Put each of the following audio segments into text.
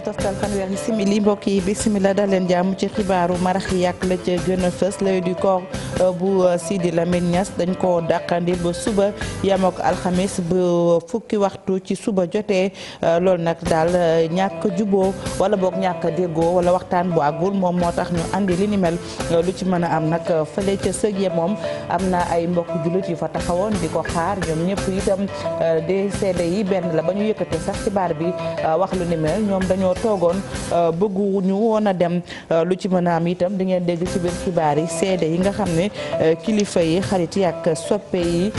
waxtu toftal fanweeri simili mbokk yi bisimila da leen jàmm ci xibaaru marax yi yàq la ca gën a fës lay du ko euh, bu euh, Sidi Lamine ñas dañ ko dàqandi ba suba yam ak alxamis ba fukki waxtu ci suba jotee euh, loolu nag daal ñàkk juboo wala boog ñàkk déggoo wala waxtaan bu àggul moom moo tax ñu andi li ni mel lu ci mën a am nag fële ca sëg ya moom am na ay mbokk jullit yu fa taxawoon di ko xaar ñoom ñëpp itam décédé yi benn la ba ñu yëkkate sax ci bi wax lu dañoo toogoon euh, bëggu ñu woon a dem euh, lu ci mën a am itam di ngeen dégg ci biir xibaar yi seede yi nga xam ne euh, kilifa yi xarit yi ak soppe yi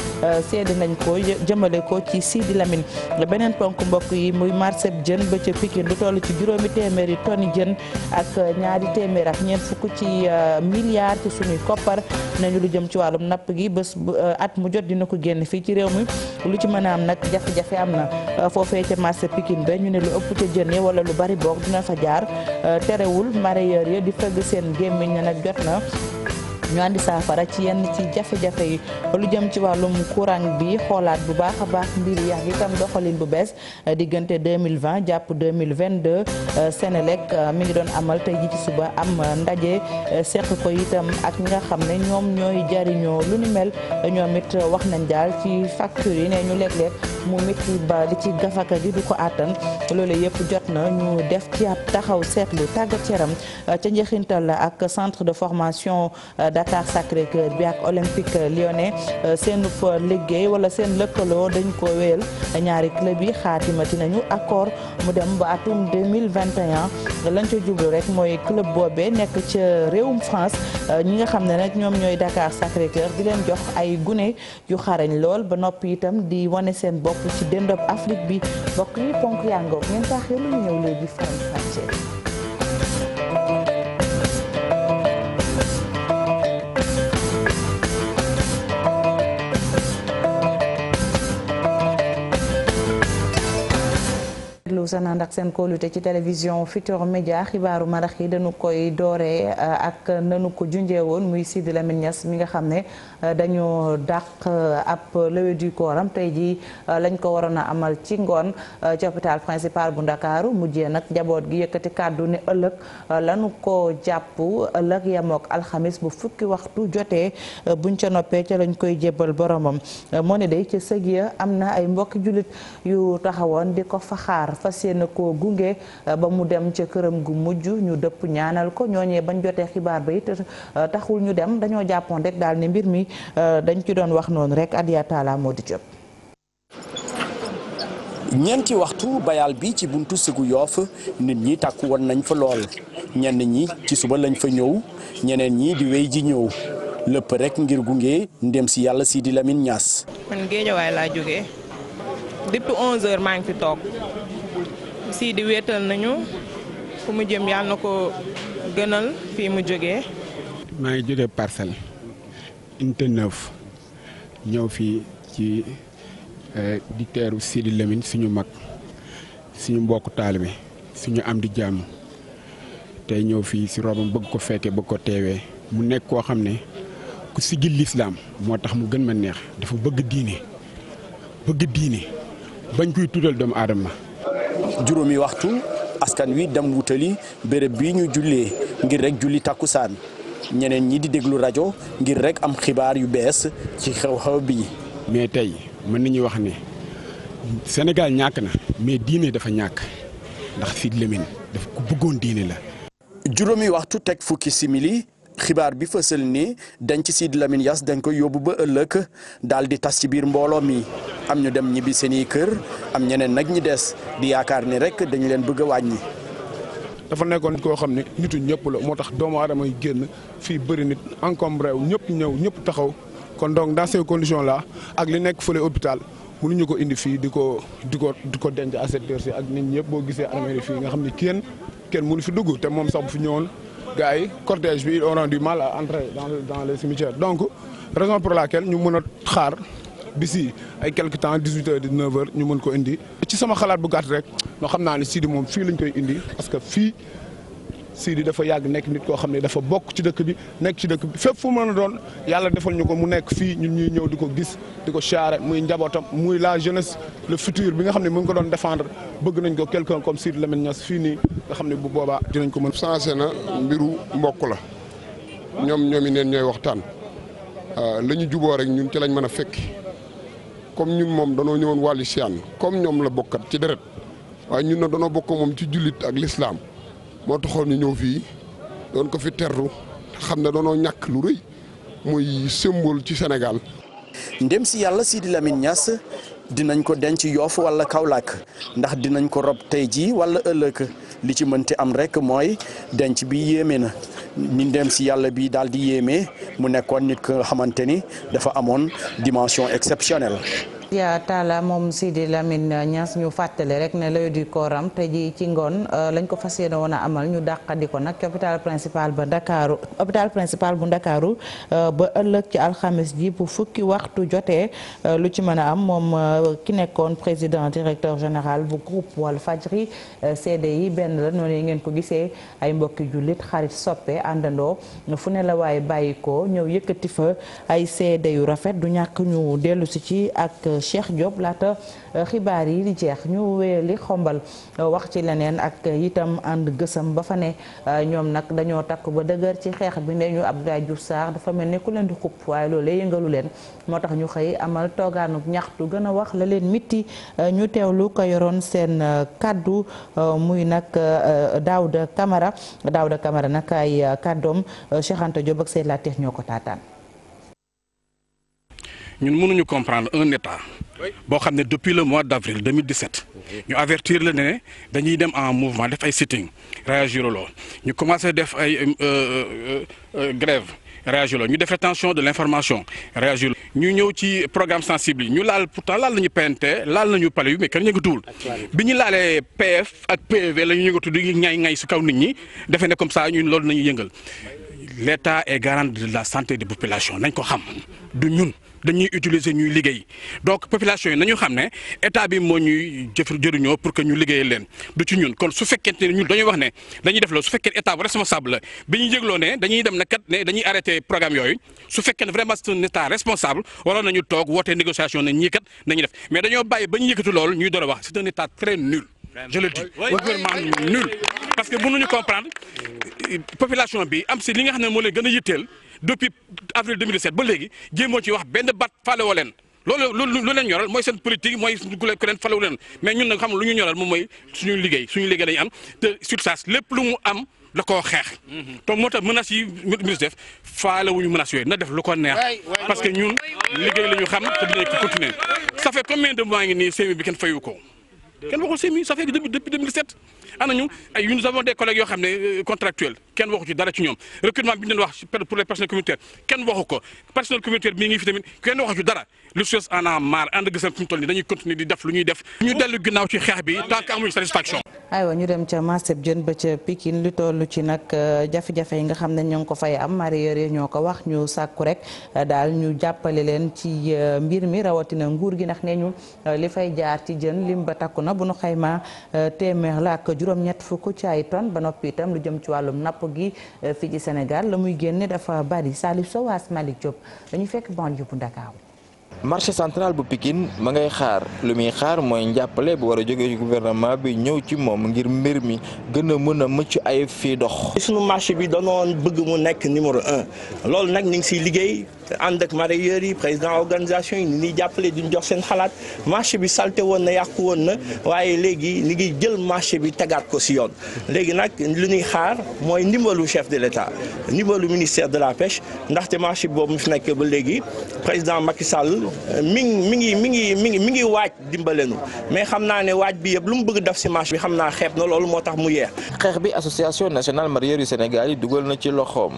seede nañ ko jëmale ko ci Sidi Lamine beneen ponk mbokk yi muy marché jën ba ca Pikine lu toll ci juróomi téeméeri tonni jën ak ñaari téeméer ak ci milliards ci suñuy koppar nañu lu jëm ci wàllum napp gi bés at mu jot dina ko génn fii ci réew mi lu ci mën a am nag jafe am ba bari boog dina fa jaar euh, terewul mareyeur ya di fëgg seen gémmiñ ne nag jot na ñu andi saafara ci yenn ci jafe-jafe yi lu jëm ci wàllum courant bi xoolaat bu baax a baax mbir yi ak itam doxalin bu bees diggante 2020 jàpp 2022 euh, Sénélec euh, mi ngi doon amal tey ji suba am euh, ndaje seq ko itam ak nga xam ne ñoom ñooy jariñoo lu ni mel ñoom it wax nañ daal ci facture yi ne ñu léeg-léeg mu métti ba li ci gafaka gi du ko àttan loolu yëpp jot na ñu def ci ab taxaw seetlu tàggat yaram ca la ak centre de formation Dakar Sacré Cœur bi ak Olympique Lyonnais euh, seen for liggéey wala seen lëkkaloo dañ ko wéyal ñaari club yi xaatimati nañu accord mu dem ba atum 2021 lañ ca jublu rek mooy club boobee nekk ca réewum France euh, ñi nga xam ne nag ñoom ñooy Dakar Sacré Cœur di leen jox ay gune yu xarañ lool ba noppi itam di wane seen bopp ci dendop Afrique bi bokk yi ponk yàngoog ngeen taaxee lu ñëw léegi faram fàccee dellu sa naan ak seen kóolute ci télévision Futurs Médias xibaaru marax yi dañu koy dooree eh, ak nanu ko junjee woon muy Sidi Lamine Niass mi nga xam ne eh, dañoo dàq eh, ab levée du corps am tey jii lañ ko waroon a amal ci ngoon ci hôpital principal bu Ndakaaru mujjee nag njaboot gi yëkkati kàddu ne ëllëg lanu ko jàpp ëllëg yemook alxamis bu fukki waxtu jotee buñ ca noppee ca lañ koy jébbal boromam moo ne day ca sëg ya am na ay mbokki jullit yu taxawoon di ko fa fas yéene koo gunge euh, ba mu dem ca këram gu mujj ñu dëpp ñaanal ko ñooñee bañ jotee xibaar ba it euh, taxul ñu dem dañoo jàppoon rek daal ne mbir mi euh, dañ ci doon wax noonu rek Adia moo di jot. ñeenti waxtu bayal bi ci buntu sigu yoof nit ñi tàkku woon nañ fa lool ñenn ñi ci suba lañ fa ñëw ñeneen ñi di wéy ji ñëw lépp rek ngir gunge ndem si yàlla si di Lamine Niass. depuis 11h maa ngi fi toog sii di wéetal nañu fu mu jëm yàlla na ko gënal fii mu jógee. maa ngi jógee parcelle unité ñëw fii ci euh, di teeru Sidi Lamine suñu mag suñu mbokk taalibe suñu am di jàmm tey ñëw fii si robam bëgg ko fekkee bëgg ko teewee mu nekk koo xam ne ku sigil lislaam moo tax mu gën ma neex dafa bëgg diine bëgg diine. bañ koy tuddal doomu aadama. juróomi waxtu askan wi dem wutali béréb bi ñu jullee ngir rek julli takkusaan ñeneen ñi di déglu rajo ngir rek am xibaar yu bees ci xew-xew bi. mais tey mën nañu wax ne Sénégal ñàkk na mais diine dafa ñàkk ndax Sidy Lamine dafa ku bëggoon diine la. juróomi waxtu teg fukki simili. xibaar bi fësal ni denc Sidy Lamine Niass dañ koy yóbbu ba ëllëg daal di tas ci biir mbooloo mi am ñu dem ñibbi seeni kër am ñeneen nag ñi des di yaakaar ni rek dañu leen bëgg a wàññi. dafa nekkoon koo xam ne nitu ñëpp la moo tax doomu aadama yi génn fii bëri nit encombré wu ñëpp ñëw ñëpp taxaw kon donc dans ces conditions là ak li nekk fële hôpital. ñu ko indi fii di ko di ko di ko denc à cette ak nit ñëpp boo gisee armée fii nga xam ne kenn kenn mënu fi dugg te moom sax bu fi ñëwoon gars yi cortège bi ils auront du mal à entrer dans le dans donc raison pour laquelle ñu mën a xaar bisi ay quelque temps 18 heures 19 heures ñu mën ko indi. ci sama xalaat bu gàtt rek ñoo xam naa ne Sidi moom fii lañ koy indi parce que fii. Sidi dafa yàgg nekk nit koo xam ne dafa bokk ci dëkk bi nekk ci dëkk bi fépp fu mën a doon yàlla defal ñu ko mu nekk fii ñun ñuy ñëw di ko gis di ko charré muy njabootam muy la jeunesse le futur bi nga xam ne mu ngi ko doon défendre bëgg nañ ko quelqu'un comme Sidi Lamine Niass fii nii nga xam ne bu boobaa dinañ ko mën. changé na mbiru mbokk la ñoom ñoom i neen ñooy waxtaan euh, la ñu juboo rek ñun ci lañ mën a fekk comme ñun moom danoo ñëwoon wàllu siyaan comme ñoom la bokkat ci deret waaye ñun na danoo bokk moom ci jullit ak l'islam moo taxoon ñu ñëw fii doon ko fi terru xam ne doonoo ñàkk lu rëy muy symbole ci Sénégal. ndem si yàlla Sidi Lamine Niass dinañ ko denc Yoff wala Kaolack ndax dinañ ko rob tey jii wala ëllëg li ci mënti am rek mooy denc bi yéeme na ñu ndem si yàlla bi daal di yéeme mu nekkoon nit ki xamante ni dafa amoon dimension exceptionnelle. ya Talla moom Sidi Lamine Niass ñu fàttali rek ne lay du te ji ci ngoon euh, lañ ko fas yéene woon a amal ñu dàqadi ko nag ci hôpital principal ba Ndakaaru hôpital principal bu Ndakaaru euh, ba ëllëg ci alxames ji bu fukki waxtu jotee euh, lu ci mën a am moom ki nekkoon président directeur général bu groupe Walfadjri CD yi benn la noonu ngeen ko gisee ay mbokki jullit xarit soppe àndandoo fu ne la waaye bàyyi ko ñëw yëkkati fa ay CD yu rafet du Cheikh Diop laata euh, xibaar yi di jeex ñu wéyali xombal euh, wax ci leneen ak itam ànd gësam ba fa ne euh, ñoom nag dañoo takk ba dëgër ci xeex bi ne ñu Abdoulaye Diouf Sarr dafa mel ne ku leen di xupp waaye loolee yëngalu leen moo tax ñu xëy amal toogaanub ñaxtu gën a wax la leen mitti ñu teew lu ko yoroon seen kàddu muy nag Daouda Camara Daouda Camara nag ay kàddoom Cheikh Anta Diop ak Seydi Latif ñoo ko taataan ñun mënuñu comprendre un état boo xam ne depuis le mois d' avril 2017 ñu avertir la ne dañuy dem en mouvement def ay sitting réagir ñu commencé def ay euh, euh, euh, grève réagir lool ñu def rétention de l' information réagir lool ñu ñëw ci programme sensible yi ñu laal pourtant laal nañu PNT laal nañu pale yu mais kenn yëngatuwul bi ñu laalee PF ak PV la ñu yëngatu di ñay-ñay si kaw nit ñi defe ne comme ça ñun loolu nañu yëngal l'État est garant de la santé des populations nañ ko xam du ñun dañuy utiliser ñuy liggéey donc population yi nañu xam ne état bi moo ñuy jëf jëriñoo pour que ñu liggéeyal leen du ci ñun kon su fekkente ne ñun dañuy wax ne dañuy def loolu su fekkee état bu responsable la ñu yëgloo ne dañuy dem ne dañuy arrêté programme yooyu su fekkee vraiment c'est un responsable waroon nañu toog woote négociation ne ñii nañu def mais dañoo bàyyi ba ñu yëkkati loolu ñuy door a je le dis gouvernement nul parce que mënuñu comprendre population bi am si li nga xam ne moo leen gën a yitteel depuis avril 2017 ba léegi jéemoo ci wax benn bat faale woo leen loolu lu lu leen ñoral mooy seen politique mooy ku leen falewu leen mais ñun nag xam lu liggéey suñu liggéey lañu am te sursaas lépp lu mu am da koo xeex. donc mhm. moo tax menaces yi ministre def faale wuñu menaces yooyu na def lu ko neex parce que ñun liggéey la ñu xam te dinañ ko continuer ça fait combien de mois ngi nii CMU ko. kenn waxul CMU ça fait ne euh, contractuels kenn waxu ci dara ci ñoom recrutement bi ñu doon wax pour les personnels communautaires kenn waxu ko personnel communautaire ci dara lu chose en a marre ànd gisam fi mu toll toll ci nag euh, jafe-jafe yi nga xam ne ñoo ngi ko fay am mareyeur yi ñoo ko wax ñu sàkku rek euh, daal ñu jàppale leen ci mbir mi rawatina nguur gi ndax nee ñu li fay jaar ci jën lim ba takku na na bu nu xaymaa euh, téeméer la ak juróom-ñett fukk ci ay tonnes ba noppi itam lu jëm ci wàllum napp gi euh, fii ci Sénégal la muy génne dafa bari Salif Sowaas Malick Diop dañuy fekk banlieue bu Ndakaaru marché central bu Pikine ma ngay xaar lu muy xaar mooy njàppale bu war a jógee ci gouvernement bi ñëw ci moom ngir mbir mi gën a mën a mëcc ay fii dox. sunu marché bi danoon bëgg mu nekk numéro un loolu nag ñu siy liggéey. ànd ak mareyeurs yi président organisation yi ni ñuy jàppale duñ jox seen xalaat marché bi salté woon na yàqu woon na waaye léegi ni ngi jël marché bi tegaat ko si yoon léegi nag lu ñuy xaar mooy ndimbalu chef de l'état ndimbalu ministère de la pêche ndaxte marché boobu mu fi nekk ba léegi président Macky Sall euh, mi ngi mi ngi mi ngi mi ngi mi ngi waaj dimbalenu mais xam naa ne waaj bi yëpp lu mu bëgg def si marché bi xam naa xeeb na loolu moo tax mu yeex xeex bi association nationale mareyeurs Sénégal dugal na ci loxoom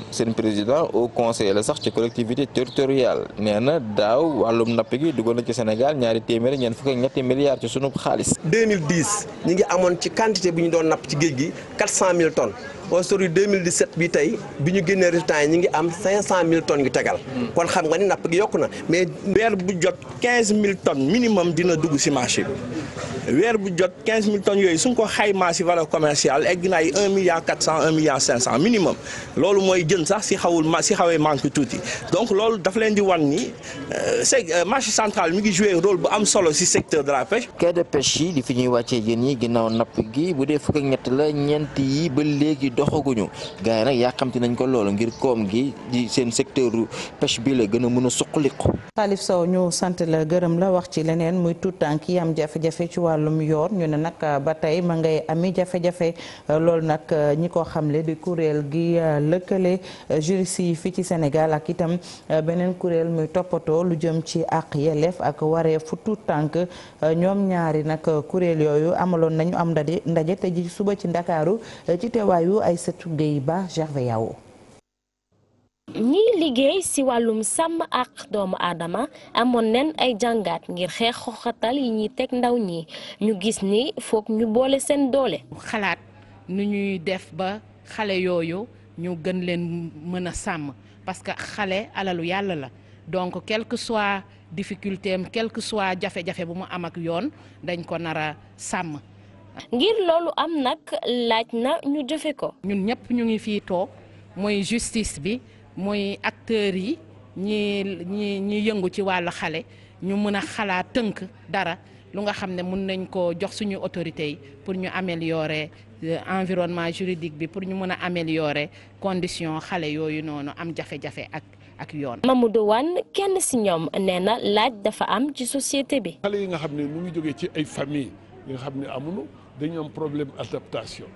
territorial nee na daaw wàllum napp gi duggoon na ci Sénégal ñaari téeméeri ñeent fukk ak ñetti milliards ci sunub xaalis. 2010 ñu ngi amoon ci quantité bi ñu doon napp ci géej gi 400 000 tonnes. aujourd'hui 2017 bi tey bi ñu génnee résultats yi ñu ngi am 500000 tonnes yu tegal. Hmm. kon xam nga ni napp gi yokku na mais weer bu jot 15000 minimum dina dugg si marché bi weer bu jot 15000 yooyu su ñu ko xaymaa si valeur commerciale egg na ay 1 milliard 400 1 milliard 500 minimum loolu mooy ma si xawee manque tuuti donc loolu di wan ni euh, c'est euh, marché mi ngi joué rôle bu am solo si secteur de la pêche. quai yi di fi ñuy wàccee jën yi ginnaaw napp gi bu dee fukk ñett la ñeent yi ba léegi. doxaguñu gars yi nag nañ ko loolu ngir koom gi di seen secteur pêche bi la gën a mën a suqaliku. Salif Sow ñu sant la gërëm la wax ci leneen muy tout tànk yi am jafe-jafe ci wàllum yoon ñu ne nag ba tey ma ngay ami jafe-jafe loolu nag ñi ko xamle di kuréel gi euh, lëkkale euh, juriste yi fii ci Sénégal ak itam euh, beneen kuréel muy toppatoo lu jëm ci àq yelleef ak wareefu tout tànk ñoom ñaari nag kuréel yooyu amaloon nañu am ndaje te suba ci Ndakaaru ci teewaayu Aïssatou Gueye Ba Gervais Yao ñiy liggéey ci wàllum sàmm ak doomu aadama amoon nen ay jàngaat ngir xeex xoxatal yi ñuy teg ndaw ñi ñu gis ni foog ñu boole seen doole. xalaat nu ñuy def ba xale yooyu ñu gën leen mën a sàmm parce que xale alalu yàlla la donc quel que soit difficulté am soit jafe-jafe bu mu am ak yoon dañ ko nar sàmm. ngir loolu am nag laaj na ñu jëfe ko. ñun ñëpp ñu ngi fii toog mooy justice bi mooy acteurs yi ñi ñi ñi yëngu ci wàll xale ñu mën a xalaat tënk dara lu nga xam ne mën nañ ko jox suñu autorités yi pour ñu améliorer euh, environnement juridique bi pour ñu mën a ameliore condition xale yooyu noonu am jafe-jafe ak ak yoon. mu Wane kenn si ñoom nee na laaj dafa am ci société bi. xale yi nga xam ne mu ngi jógee ci ay famille yi nga xam ne amuñu. dañu am problème adaptation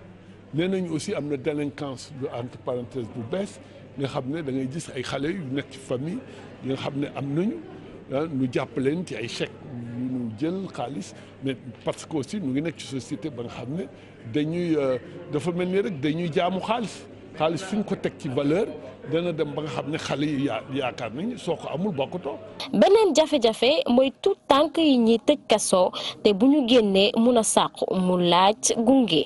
nee nañu aussi am na délinquance lu entre parenthèse bu bees nga xam ne da ngay gis ay xale yu nekk ci famille yi nga xam ne am nañu ah ñu jàpp leen ci ay chèque yu ñu jël xaalis mais parce que aussi ñu ngi nekk ci société ba nga xam ne dañuy euh, dafa mel ni rek dañuy jaamu xaalis. xaalis fi ñu ko teg ci valeur dana dem ba nga xam ne xale yi yaa yaakaar nañu soo ko amul bokkutoo. beneen jafe-jafe mooy tout tànk yi ñuy tëj kaso te bu ñu génnee mun a sàqu mu laaj gunge.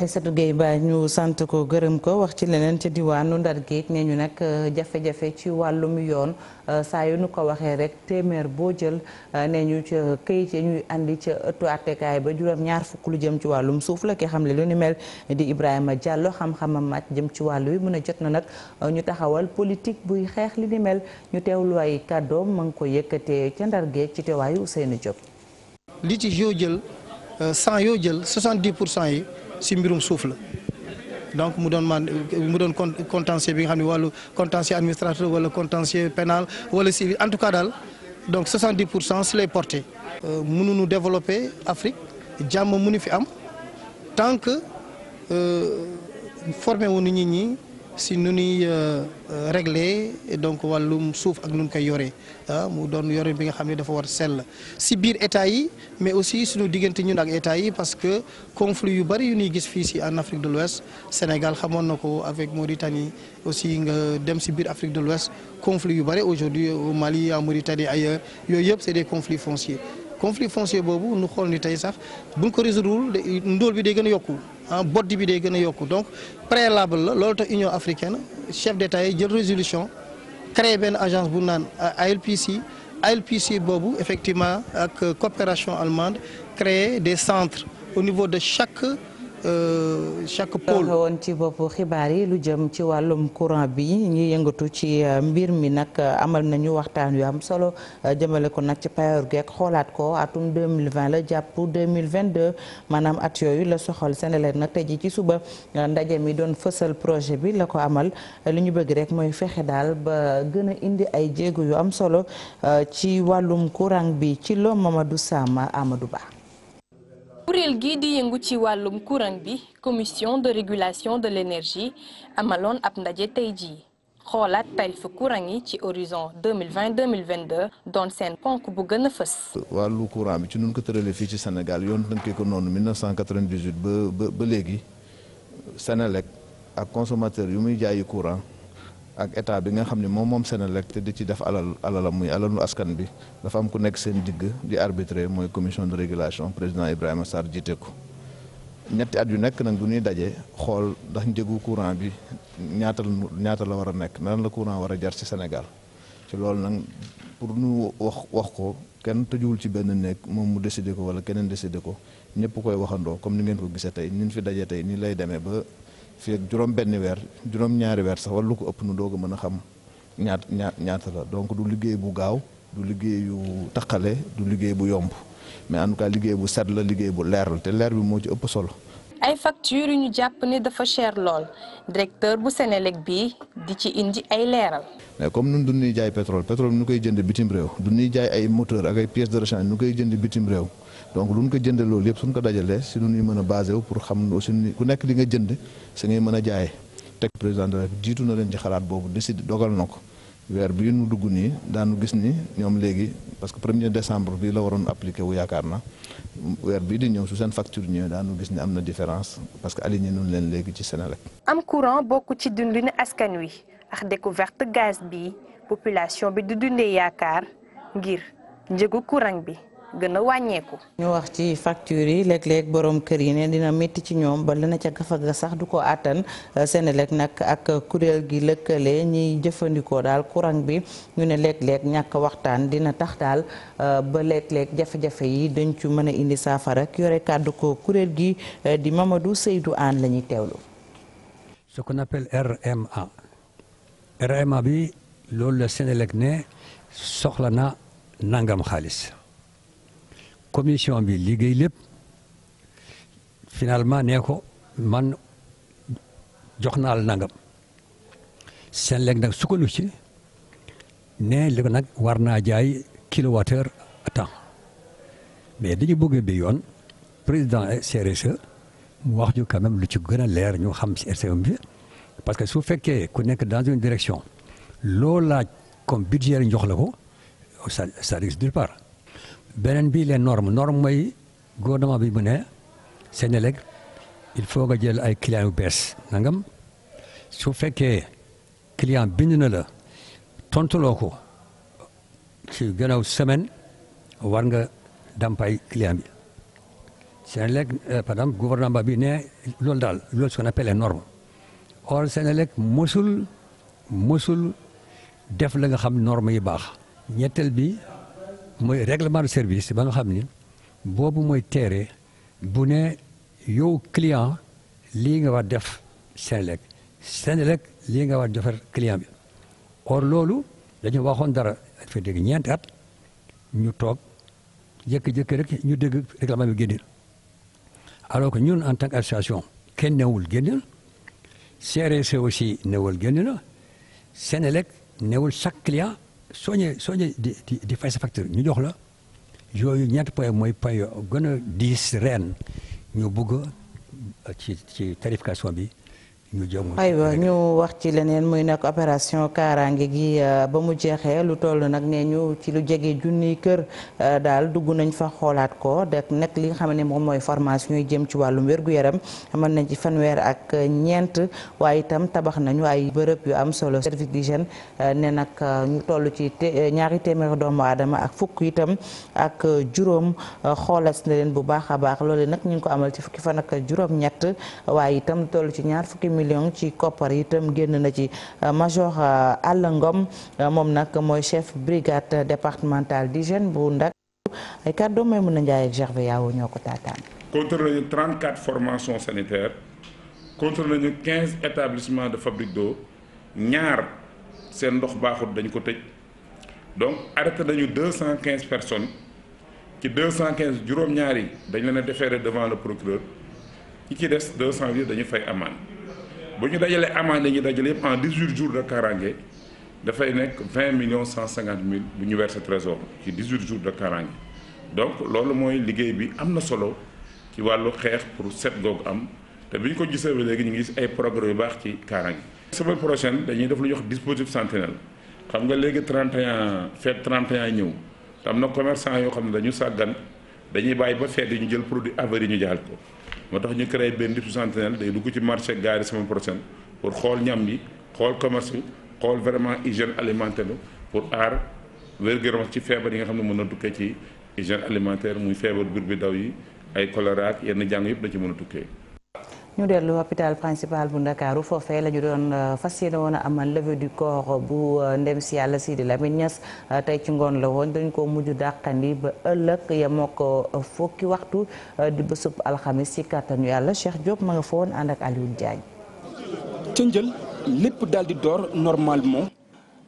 Aïssatou Gueye Ba ñu sant ko gërëm ko wax ci leneen ca diwaanu Ndar géej ne ñu nag euh, jafe-jafe ci wàllum yoon euh, saa yu nu ko waxee rek téeméer boo jël euh, ne ñu ca këyit ya ñuy indi ca ëttu àttekaay ba juróom ñaar fukk lu jëm ci wàllum suuf la ki xam ne lu ni mel di Ibrahima Diallo xam-xamam màcc jëm ci wàllu wi mën a jot na nag ñu taxawal politique buy xeex li ni mel ñu teewlu ay kàddoom ma ngi ko yëkkatee ca Ndar ci teewaayu seeni Diop. li yoo jël 100 si mbirum suuf la donc mu doon man mu doon contentieux bi nga xam ne walla contentieux administratif wala contentieux pénal wala civil en tout cas daal donc 70 pour cent si lay porté. Euh, développer Afrique jàmm mënu fi am tant que euh, formé wu nit ñi. si nu ñuy euh, euh, régler donc wàllum suuf ak nu ñu koy yoree ah, mu doon yore bi nga xam ne dafa war sell si biir état yi mais aussi suñu diggante ñun ak état yi parce que conflit yu bëri yu nuy gis fii si en Afrique de l'Ouest Sénégal xamoon na ko avec Mauritanie aussi nga dem si biir Afrique de l'Ouest conflit yu bëri aujourd'hui au Mali en Mauritanie ailleurs yooyu yëpp c'est des conflits foncier conflit foncier boobu nu xool ni tey sax bu buñ ko résoudre ndóol bi day gën a yokku ah bodd bi day gën a yokku donc préalable la loolu tax Union africaine chef d'État yi jël résolution créé benn agence bu naan euh, ALPC ALPC boobu effectivement ak coopération allemande créer des centres au niveau de chaque Euh, chaque pôle woon ci boppu xibaar yi lu jëm ci wàllum courant bi ñuy yëngatu ci euh, mbir mi nag euh, amal nañu waxtaan yu am solo jëmale ko nag ci payoor geek xoolaat ko atum 2020 la jàpp 2022 maanaam at yooyu la soxal Senelec nag tey ji ci suba ndaje mi doon fësal projet bi la ko amal li ñu bëgg rek mooy fexe daal ba gën a indi ay jéego yu am solo ci wàllum courant bi ci loo Mamadou Sama amadu Ba kuréel gii di yëngu ci wàllum kuran bi commission de régulation de l'énergie amaloon ab ndaje tey jii xoolaat tarifu courant yi ci horizon 2020 2022 doon seen ponk bu gën a fës. wàllu courant bi ci nun ko tëralee fii ci senegal yoon tënkee ko noonu 1998 ba ba ba léegi Sénélec ak consommateur yu muy jaayi courant. ak état bi nga xam ne moom moom seen Senelec te di ci def alal alalam muy alalu askan bi dafa am ku nekk seen digg di arbitrer mooy commission de régulation président Ibrahima Sarr jiite ko ñetti at yu nekk nag bu ñuy daje xool ndax njëgu courant bi ñaata ñaata la war a nekk nan la courant war a jar ci Sénégal ci loolu nag pour ñu wax wax ko kenn tëjuwul ci benn néeg moom mu décider ko wala keneen décider ko ñëpp koy waxandoo comme ni ngeen ko gisee tey ni ñu fi daje tey nii lay demee ba. fii ak juróom benn weer juróom ñaari weer sax wala lu ko ëpp nu doog mën a xam ñaat ñaat ñaata la donc du liggéey bu gaaw du liggéey yu taqale du liggéey bu yomb mais en tout cas liggéey bu set la liggéey bu leer la te leer bi moo ci ëpp solo. ay facture yu ñu jàpp ni dafa cher lool directeur bu Senelec bi di ci indi ay leeral. mais comme nun du ñuy jaay pétrole pétrole nu koy jënd bitim réew du ñuy jaay ay moteur ak ay pièces de rechange nu koy jënd bitim réew. donc lu ñu ko jënd loolu yëpp suñ ko dajalee si lu ñuy mën a basé wu pour xam aussi ku nekk li nga jënd si ngay mën a jaayee teg président de la République na leen ci xalaat boobu décide dogal na ko weer bii nu dugg nii daanu gis ni ñoom léegi parce que premier décembre bii la waroon appliqué wu yaakaar na weer bii di ñëw su seen facture ñëwee daanu gis ni am na différence parce que aligné nañ leen léegi ci Senelec. am courant bokk ci dundinu askan wi ak découverte gaz bi population bi di dundee yaakaar ngir njëgu courant bi. gën wàññeeku. ñu wax ci facture yi léeg-léeg borom kër yi ne dina métti ci ñoom ba lana ca gafa ga sax du ko àttan euh, Senelec nag ak kuréel gi lëkkale ñiy jëfandikoo daal courant bi ñu ne léeg-léeg ñàkk waxtaan dina tax daal euh, ba léeg-léeg jafe-jafe yi dañ ci mën a indi saafara ki yore kàddu ko kuréel gi euh, di Mamadou Seydou Anne la ñuy teewlu. ce qu'on appelle RMA RMA bi loolu la Senelec ne soxla na nangam xaalis. commission bi liggéey lépp finalement nee ko man jox naa la nangam seen léeg nag sukkandu ci ne li nag war naa jaay kilowattheure à temps mais dañu bëgg bi yoon président CRSE mu wax ju quand lu ci gën a leer ñu xam ci RCM e bi parce que su fekkee ku nekk dans une direction loo laaj comme budget ñu jox la ko ça ça risque nulle part beneen bii les normes norme mooy gouvernement bi mu ne Senelec il faut nga jël ay clients yu bees nangam su fekkee client bind na la tontuloo ko ci gannaaw semaine war nga dampay client bi Senelec euh, par exemple gouvernement bi ne loolu daal loolu ce qu'on appelle les normes or Senelec mosul mosul def la nga xam norme yi baax ñetteel bi mooy réglement de service ba nga xam ni boobu mooy teere bu ne yow client lii nga war def Senelec Senelec lii nga war defar client bi or loolu dañu waxoon dara dafa dégg ñeenti at ñu toog jékki-jékki rek ñu dégg règlement bi génn alors que ñun en tant qu'association kenn newul génn CRC aussi newul génn na senelek newul chaque client soo ñëwee di di di fay sa facture ñu jox la yooyu ñeenti point mooy point gën a diis ren ñu bëgg ci ci tarification bi ñu jëm aywa ñu wax ci leneen muy nag opération kaaraange gi euh, ba mu jeexee lu toll nag nee ñu ci lu jege junniy kër euh, daal dugg nañ fa xoolaat ko dek nag li nga xam ne moom mooy formation yi jëm ci wàllum wér-gu-yaram mën nañ ci fanweer ak euh, ñeent waaye itam tabax nañu ay bërëb yu am solo service d'hygiène ne nag ñu toll ci ñaari téeméeri doomu aadama ak fukk itam ak juróom xoolaat na leen bu baax a baax loolu nag ñu ngi ko amal ci fukki fan ak juróom ñett waaye itam toll ci ñaar fukki millions ci koppar itam génn na ci euh, major euh, Alla Ngom euh, moom nag mooy chef brigade départementale d'hygiène bu Ndak ay kàddu may mën na njaay ak Gervais Yao ñoo ko taataan contre nañu 34 formations sanitaires contre nañu 15 établissements de fabrique d'eau ñaar seen ndox baaxut dañ ko tëj donc arrêté nañu personnes ci juróom-ñaar yi dañ leen a déféré devant le procureur ci ci des 200 yi dañu fay amende bu ñu dajalee amende ñu dajale yëpp en 18 jours de kaaraange dafay nekk 20 millions 150 mille bu ñu verse trésor ci 18 jours de kaaraange donc loolu mooy liggéey bi am na solo ci wàllu xeex pour set googu am te bu ñu ko gisee ba léegi ñu ngi gis ay progrès yu baax ci kaaraange. semaine prochaine dañuy def lu ñuy wax dispositif sentinelle xam nga léegi fet fête 31 ñëw te am na commerçant yoo xam ne dañu sàggan dañuy bàyyi ba fête yi ñu jël produit avarié ñu jaal ko. moo tax ñu créé benn nitu sentinelle day dugg ci marché gaari sama prochaine pour xool ñam yi xool commerce bi xool vraiment hygiène alimentaire pour aar wér-gu-yaram ci feebar yi nga xam ne mën na tukkee ci hygiène alimentaire muy feebar biir bi daw yi ay choléra yenn jàng yëpp da ci mën a tukkee. ñu dellu hôpital principal bu Ndakaaru foofee la ñu doon euh, fas yéene woon a amal levée du corps bu euh, ndem si yàlla Sidi Lamine Niass euh, tey ci ngoon la woon dañ ko mujj dàqandi ba ëllëg yemoo ko fukki waxtu di bésub alxamis ci kàttanu yàlla Cheikh Diop ma nga fa woon ànd ak Aliou Diagne. ca lépp daal di door normalement.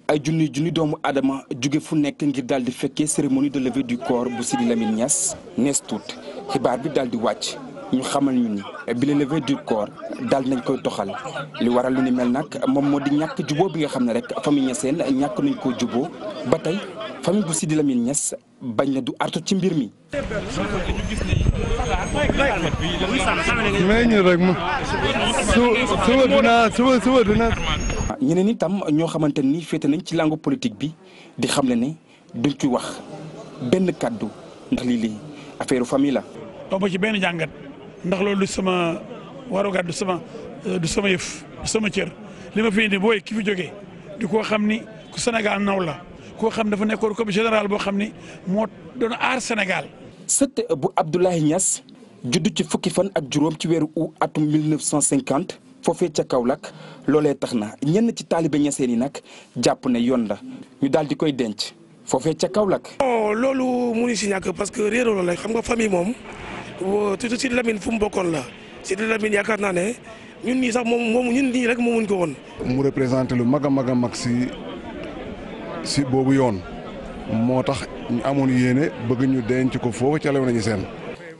ay junni junni doomu aadama jóge fu nekk ngir daal di fekkee cérémonie de levée du corps bu Sidi Lamine Niass nees tuut xibaar bi daal di wàcc. ñu xamal ñu ni bi la levée du corps nañ koy doxal li waral lu ni mel nag moom moo di ñàkk juboo bi nga xam ne rek famille Niassène ñàkk nañ koo juboo ba tey famille bu Sidi Lamine Niass du artu ci mbir mi. mais ñu rek ma suba dinaa suba ñoo xamante ni féete nañ ci langue politique bi di xam ne ne duñ ci wax benn kàddu ndax lii lii affaire famille la. ndax loolu du sama warugar du sama euh, du sama yëf du sama cër li ma fi indi booy kii fi jógee di koo xam ni ku Sénégal naw la koo xam ne dafa nekkoon comme général boo xam ni moo doon aar Sénégal. sët bu Abdoulaye ñas juddu ci fukki fan ak juróom ci weeru u atum 1950 foofee ca Kaolack loolee tax na ñenn ci taalibe ñaseen yi nag jàpp ne yoon la ñu daal di koy denc foofee ca Kaolack. Oh, loolu mu ngi si ñàkk parce que réeroo la xam nga famille moom. surtout Sidi Lamine fu mu bokkoon la Sidi Lamine yaakaar naa ne ñun ñii sax moom moomu ñun ñii rek moomuñ ko woon. mu représenté lu mag a mag mag si si boobu yoon moo tax ñu amoon yéene bëgg ñu denc ko foofu calew nañu seen.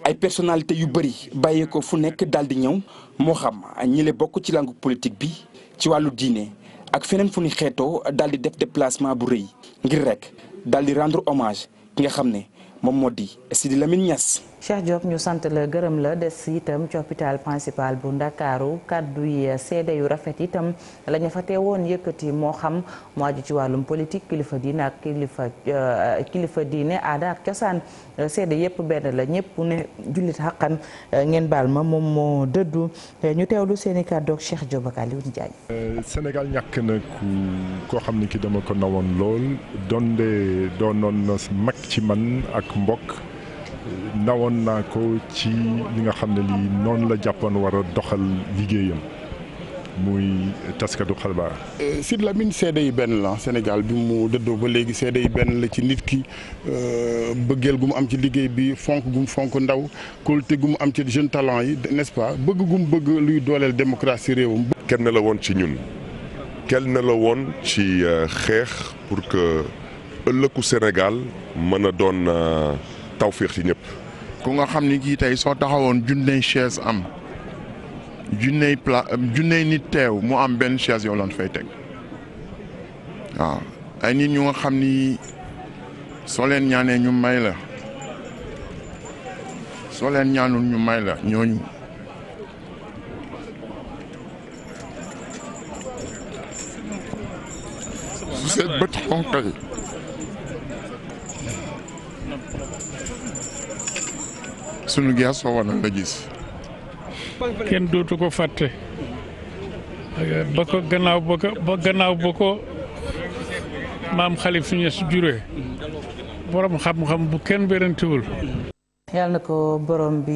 ay personnalité yu bëri bàyyee ko fu nekk daal di ñëw moo xam ñile bokk ci langue politique bi ci wàllu diine ak feneen fu ñu xeetoo daal di def déplacement bu rëy ngir rek daal di rendre hommage ki nga xam ne. moom moo di Sidi Lamine Niass. Cheikh Diop ñu sant gërëm la des itam ci principal bu Ndakaaru kàddu yi eh, yu rafet itam la ñu fa teewoon yëkkati moo xam mu aju ci wàllum politique kilifa diine ak kilifa eh, kilifa diine aada ak cosaan eh, seede yëpp benn la ñëpp ne jullit xaqan ngeen baal ma moom moo dëddu ñu teewlu seen i Cheikh Diop ak Aliou Ndiaye. Sénégal ñàkk na ku koo xam ne ki dama ko nawoon lool donde doonoon na mag ci man ak. mbokk nawoon naa ko ci li nga xam ne lii noonu la jàppoon war doxal liggéeyam muy taskatu xabaar. Sidy Lamine seede yi benn la Sénégal bi mu dëddoo ba léegi seede yi benn la ci nit ki euh, bëggeel gu mu am ci liggéey bi fonk gu mu fonk ndaw kóolute gu mu am ci jeune talent yi n'est-ce pas bëgg gu mu bëgg luy dooleel démocratie réewam. kenn la woon ci ñun kenn la woon ci euh, xeex pour que. ëllëgu Sénégal mën a doon euh, tawféex ci ñépp ku nga xam ni kii tey soo taxawoon junney chaise am junney pla euh, junney nit teew mu am benn chaise yow lan fay teg waaw ay nit ñu nga xam ni soo leen ñaanee ñu may la soo leen ñaanul ñu may la ñooñu. seen bët sunu gees soo wane nga gis. kenn dootu ko fàtte ba ko gannaaw ba ko maam xalif ñes juree borom xam-xam bu kenn berantewul yal na ko borom bi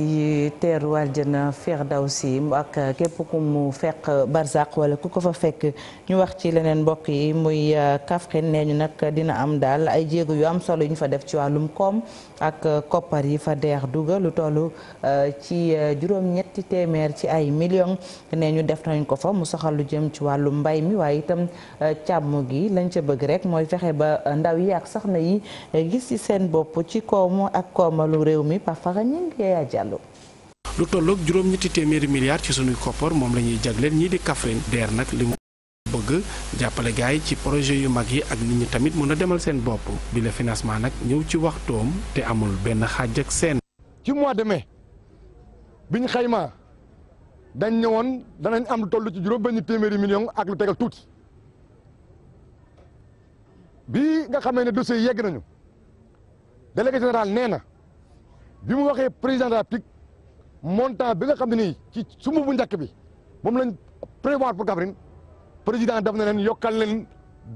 teeru aljana firdawsi ak képp ku mu fekk barzak wala ku ko fekk ñu wax ci leneen mbokk yi muy euh, Kaffrine nee ñu nag dina am daal ay jéego yu am solo yu ñu fa def ci wàllum koom ak euh, koppar yi fa deex dugal lu toll euh, ci juróom-ñetti téeméer ci ay millions nee ñu def nañ ko fa mu soxal lu jëm ci wàllum mbay mi waaye itam càmm gi lañ ca bëgg rek mooy fexe ba ndaw yi ak na yi gis ci seen bopp ci koomu ak koomalu réew mi Pafara Gning Yaya Diallo lu tolloog juróom-ñetti téeméeri milliards ci sunuy koppar moom la ñuy jagleel ñii di Kaffrine deer nag li mu bëgg jàppale gars yi ci projet yu mag yi ak nit ñi tamit mën a demal seen bopp bi la financement nag ñëw ci waxtoom te amul benn xaaj ak seen. ci mois de mais biñ xayma dañ ñëwoon danañ am lu toll ci juróom-benn téeméeri millions ak lu tegal tuuti bi nga xamee ne dossier yegg nañu délégué général nee na. bi mu waxee président de la montant bi nga xam ne nii ci sumb bu njëkk bi moom lañ prévoir pour Kaffrine président daf na leen yokkal leen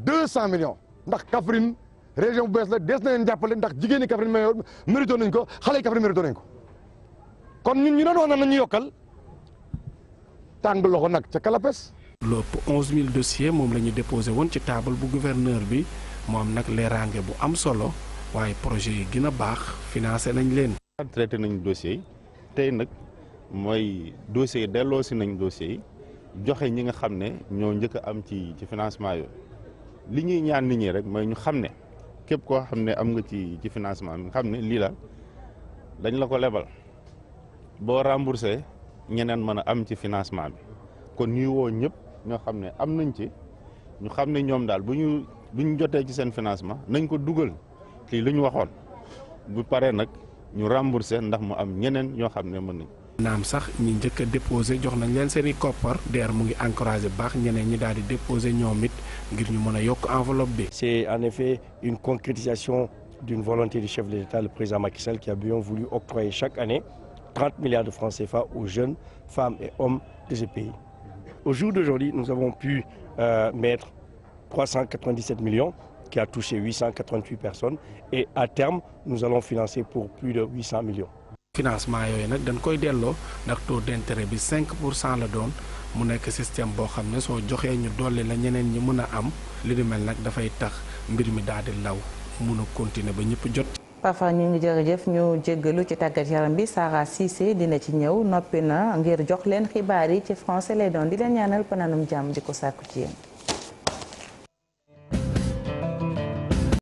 deux cent millions ndax Kaffrine région bu bees la des na leen jàppale ndax jigéen ñi Kaffrine mérito nañ ko xale yi Kaffrine mérito nañ ko kon ñun ñu doon wax na nañu yokkal tàng loxo nag ca kalapes lu ëpp onze mille dossiers moom la ñu déposé woon ci table bu gouverneur bi moo am nag leeraange bu am solo waaye projet yi gën a baax financé nañ leen traité nañu dossiers tey nag mooy dossiers yi delloo si nañ dossiers joxe ñi nga xam ne ñoo njëkk a am ci ci financement yooyu li ñuy ñaan nit ñi rek mooy ñu xam ne képp koo xam ne am nga ci ci financement bi nga xam ne lii dañ la ko lebal boo remboursé ñeneen mën a am ci financement bi kon ñuy woo ñëpp ñoo xam ne am nañ ci ñu xam ne ñoom daal bu ñu bu jotee ci seen financement nañ ko dugal ci li ñu waxoon bu paree nag. ñu remboursé ndax mu am ñeneen ñoo xam ne mën nañ naam sax ñi njëkk déposé jox nañ leen seen i koppar DER mu ngi encouragé baax ñeneen ñi daal di déposé ñoom it ngir ñu mën a yokk enveloppe bi c'est en effet une concrétisation d'une volonté du chef de l'État le président Macky Sall qui a bien voulu octroyer chaque année 30 milliards de francs CFA aux jeunes femmes et hommes de ce pays au jour d'aujourd'hui nous avons pu euh, mettre 397 millions qui a touché 888 personnes et à terme nous allons financer pour plus de 800 millions. financement yooyu nag dañ koy delloo ndax taux bi la doon mu nekk système boo xam ne soo joxee ñu dolli la ñeneen ñi mën a am li nag dafay tax mbir mi daal di law mun a continuer ba ñëpp jot. Pafa ñu ngi jërëjëf ñu jéggalu ci tàggat yaram bi Sara Cissé dina ci ñëw noppi na ngir jox leen xibaar yi ci français lay doon di leen ñaanal pananum jàmm di ko sàkku